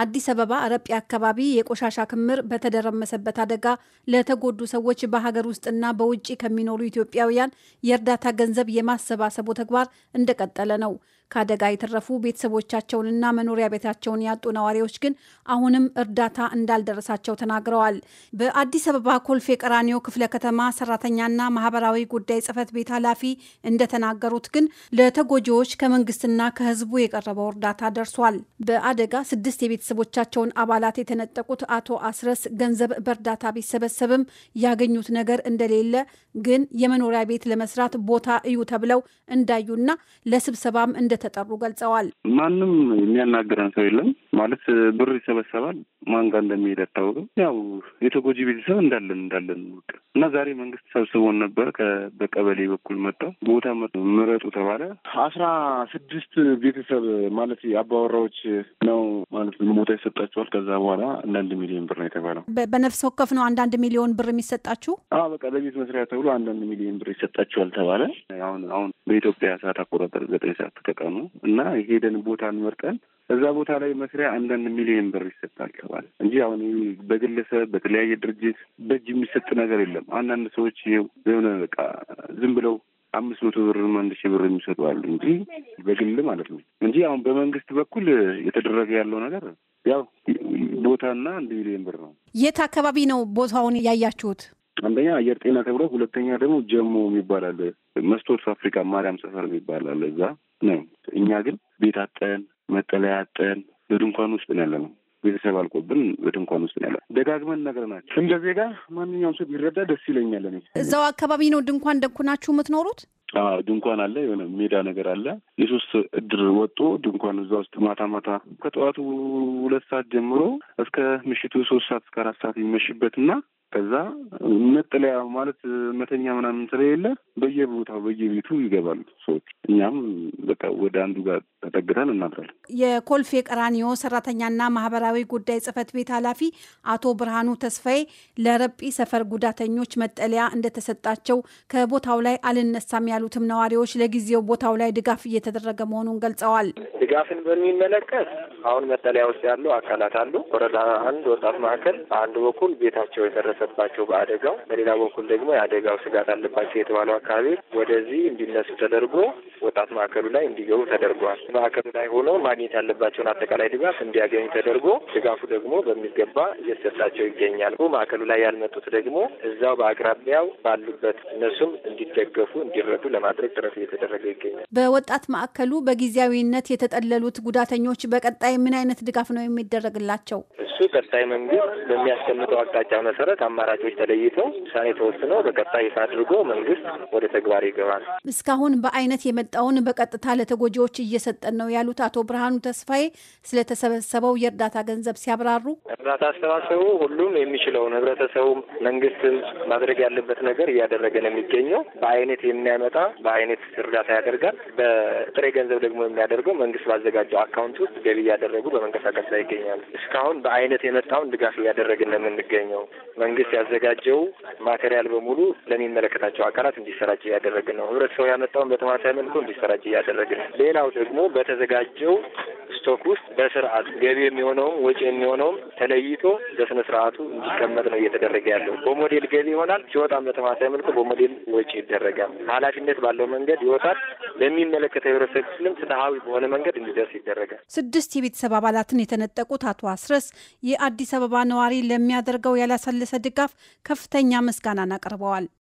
አዲስ አበባ አረቢያ አካባቢ የቆሻሻ ክምር በተደረመሰበት አደጋ ለተጎዱ ሰዎች በሀገር ውስጥና በውጭ ከሚኖሩ ኢትዮጵያውያን የእርዳታ ገንዘብ የማሰባሰቡ ተግባር እንደቀጠለ ነው። ከአደጋ የተረፉ ቤተሰቦቻቸውንና መኖሪያ ቤታቸውን ያጡ ነዋሪዎች ግን አሁንም እርዳታ እንዳልደረሳቸው ተናግረዋል። በአዲስ አበባ ኮልፌ ቀራኒዮ ክፍለ ከተማ ሰራተኛና ማህበራዊ ጉዳይ ጽህፈት ቤት ኃላፊ እንደተናገሩት ግን ለተጎጂዎች ከመንግስትና ከህዝቡ የቀረበው እርዳታ ደርሷል። በአደጋ ስድስት የቤተሰቦቻቸውን አባላት የተነጠቁት አቶ አስረስ ገንዘብ በእርዳታ ቢሰበሰብም ያገኙት ነገር እንደሌለ ግን የመኖሪያ ቤት ለመስራት ቦታ እዩ ተብለው እንዳዩና ለስብሰባም እንደ እንደተጠሩ ገልጸዋል። ማንም የሚያናግረን ሰው የለም ማለት ብር ይሰበሰባል። ማን ጋር እንደሚሄድ አይታወቅም። ያው የተጎጂ ቤተሰብ እንዳለን እንዳለን እና ዛሬ መንግስት ሰብስቦን ነበር። በቀበሌ በኩል መጣ ቦታ ምረጡ ተባለ። አስራ ስድስት ቤተሰብ ማለት አባወራዎች ነው ማለት ቦታ ይሰጣቸዋል። ከዛ በኋላ አንዳንድ ሚሊዮን ብር ነው የተባለው። በነፍስ ወከፍ ነው አንዳንድ ሚሊዮን ብር የሚሰጣችሁ? አዎ በቃ ለቤት መስሪያ ተብሎ አንዳንድ ሚሊዮን ብር ይሰጣቸዋል ተባለ። አሁን አሁን በኢትዮጵያ ሰዓት አቆጣጠር ዘጠኝ ሰዓት ቀኑ እና የሄደን ቦታን መርጠን እዛ ቦታ ላይ መስሪያ አንዳንድ ሚሊዮን ብር ይሰጣል ይገባል እንጂ አሁን በግለሰብ በተለያየ ድርጅት በእጅ የሚሰጥ ነገር የለም። አንዳንድ ሰዎች የሆነ በቃ ዝም ብለው አምስት መቶ ብር አንድ ሺህ ብር የሚሰጡ አሉ እንጂ በግል ማለት ነው እንጂ አሁን በመንግስት በኩል የተደረገ ያለው ነገር ያው ቦታና አንድ ሚሊዮን ብር ነው። የት አካባቢ ነው ቦታውን ያያችሁት? አንደኛ አየር ጤና ተብሎ፣ ሁለተኛ ደግሞ ጀሞ የሚባል አለ፣ መስቶት ፋብሪካ ማርያም ሰፈር የሚባል አለ። እዛ ነው። እኛ ግን ቤት አጠን፣ መጠለያ አጠን፣ በድንኳን ውስጥ ነው ያለ ነው። ቤተሰብ አልቆብን በድንኳን ውስጥ ነው ያለ። ደጋግመን ነግረናቸው፣ እንደ ዜጋ ማንኛውም ሰው ቢረዳ ደስ ይለኛል። እኔ እዛው አካባቢ ነው ድንኳን ደኩናችሁ የምትኖሩት? ድንኳን አለ። የሆነ ሜዳ ነገር አለ። የሶስት እድር ወጦ ድንኳን እዛ ውስጥ ማታ ማታ ከጠዋቱ ሁለት ሰዓት ጀምሮ እስከ ምሽቱ ሶስት ሰዓት እስከ አራት ሰዓት የሚመሽበት እና ከዛ መጠለያ ማለት መተኛ ምናምን ስለሌለ በየቦታው በየቤቱ ይገባሉ ሰዎች። እኛም በቃ ወደ አንዱ ጋር ተጠግተን እናድራለን። የኮልፌ ቀራኒዮ ሰራተኛና ማህበራዊ ጉዳይ ጽህፈት ቤት ኃላፊ አቶ ብርሃኑ ተስፋዬ ለረጲ ሰፈር ጉዳተኞች መጠለያ እንደተሰጣቸው ከቦታው ላይ አልነሳም ያሉትም ነዋሪዎች ለጊዜው ቦታው ላይ ድጋፍ እየተደረገ መሆኑን ገልጸዋል። ድጋፍን በሚመለከት አሁን መጠለያ ውስጥ ያሉ አካላት አሉ። ወረዳ አንድ ወጣት ማዕከል በአንድ በኩል ቤታቸው የደረሰባቸው በአደጋው፣ በሌላ በኩል ደግሞ የአደጋው ስጋት አለባቸው የተባለው አካባቢ ወደዚህ እንዲነሱ ተደርጎ ወጣት ማዕከሉ ላይ እንዲገቡ ተደርጓል። ማዕከሉ ላይ ሆኖ ማግኘት ያለባቸውን አጠቃላይ ድጋፍ እንዲያገኙ ተደርጎ ድጋፉ ደግሞ በሚገባ እየተሰጣቸው ይገኛል። ማዕከሉ ላይ ያልመጡት ደግሞ እዛው በአቅራቢያው ባሉበት እነሱም እንዲደገፉ እንዲረዱ ለማድረግ ጥረት እየተደረገ ይገኛል። በወጣት ማዕከሉ በጊዜያዊነት የተጠለሉት ጉዳተኞች በቀጣይ ምን አይነት ድጋፍ ነው የሚደረግላቸው? ቀጣይ መንግስት በሚያስቀምጠው አቅጣጫ መሰረት አማራጮች ተለይተው ውሳኔ ተወስኖ በቀጣይ ይፋ አድርጎ መንግስት ወደ ተግባር ይገባል። እስካሁን በአይነት የመጣውን በቀጥታ ለተጎጂዎች እየሰጠን ነው ያሉት አቶ ብርሃኑ ተስፋዬ ስለተሰበሰበው የእርዳታ ገንዘብ ሲያብራሩ እርዳታ አሰባሰቡ ሁሉም የሚችለውን ህብረተሰቡ፣ መንግስትም ማድረግ ያለበት ነገር እያደረገ ነው የሚገኘው። በአይነት የሚያመጣ በአይነት እርዳታ ያደርጋል። በጥሬ ገንዘብ ደግሞ የሚያደርገው መንግስት ባዘጋጀው አካውንት ውስጥ ገቢ እያደረጉ በመንቀሳቀስ ላይ ይገኛሉ። እስካሁን በአይነት በሂደት የመጣውን ድጋፍ እያደረግን ነው የምንገኘው። መንግስት ያዘጋጀው ማቴሪያል በሙሉ ለሚመለከታቸው አካላት እንዲሰራጭ እያደረግን ነው። ህብረተሰቡ ያመጣውን በተማሳይ መልኩ እንዲሰራጭ እያደረግን ነው። ሌላው ደግሞ በተዘጋጀው ስቶክ ውስጥ በስርዓት ገቢ የሚሆነውም ወጪ የሚሆነውም ተለይቶ በስነ ስርዓቱ እንዲቀመጥ ነው እየተደረገ ያለው። በሞዴል ገቢ ይሆናል፣ ሲወጣም በተማሳይ መልኩ በሞዴል ወጪ ይደረጋል። ኃላፊነት ባለው መንገድ ይወጣል። በሚመለከተው ህብረተሰብ ክፍልም ፍትሐዊ በሆነ መንገድ እንዲደርስ ይደረጋል። ስድስት የቤተሰብ አባላትን የተነጠቁት አቶ አስረስ የአዲስ አበባ ነዋሪ ለሚያደርገው ያላሰለሰ ድጋፍ ከፍተኛ ምስጋናን አቅርበዋል።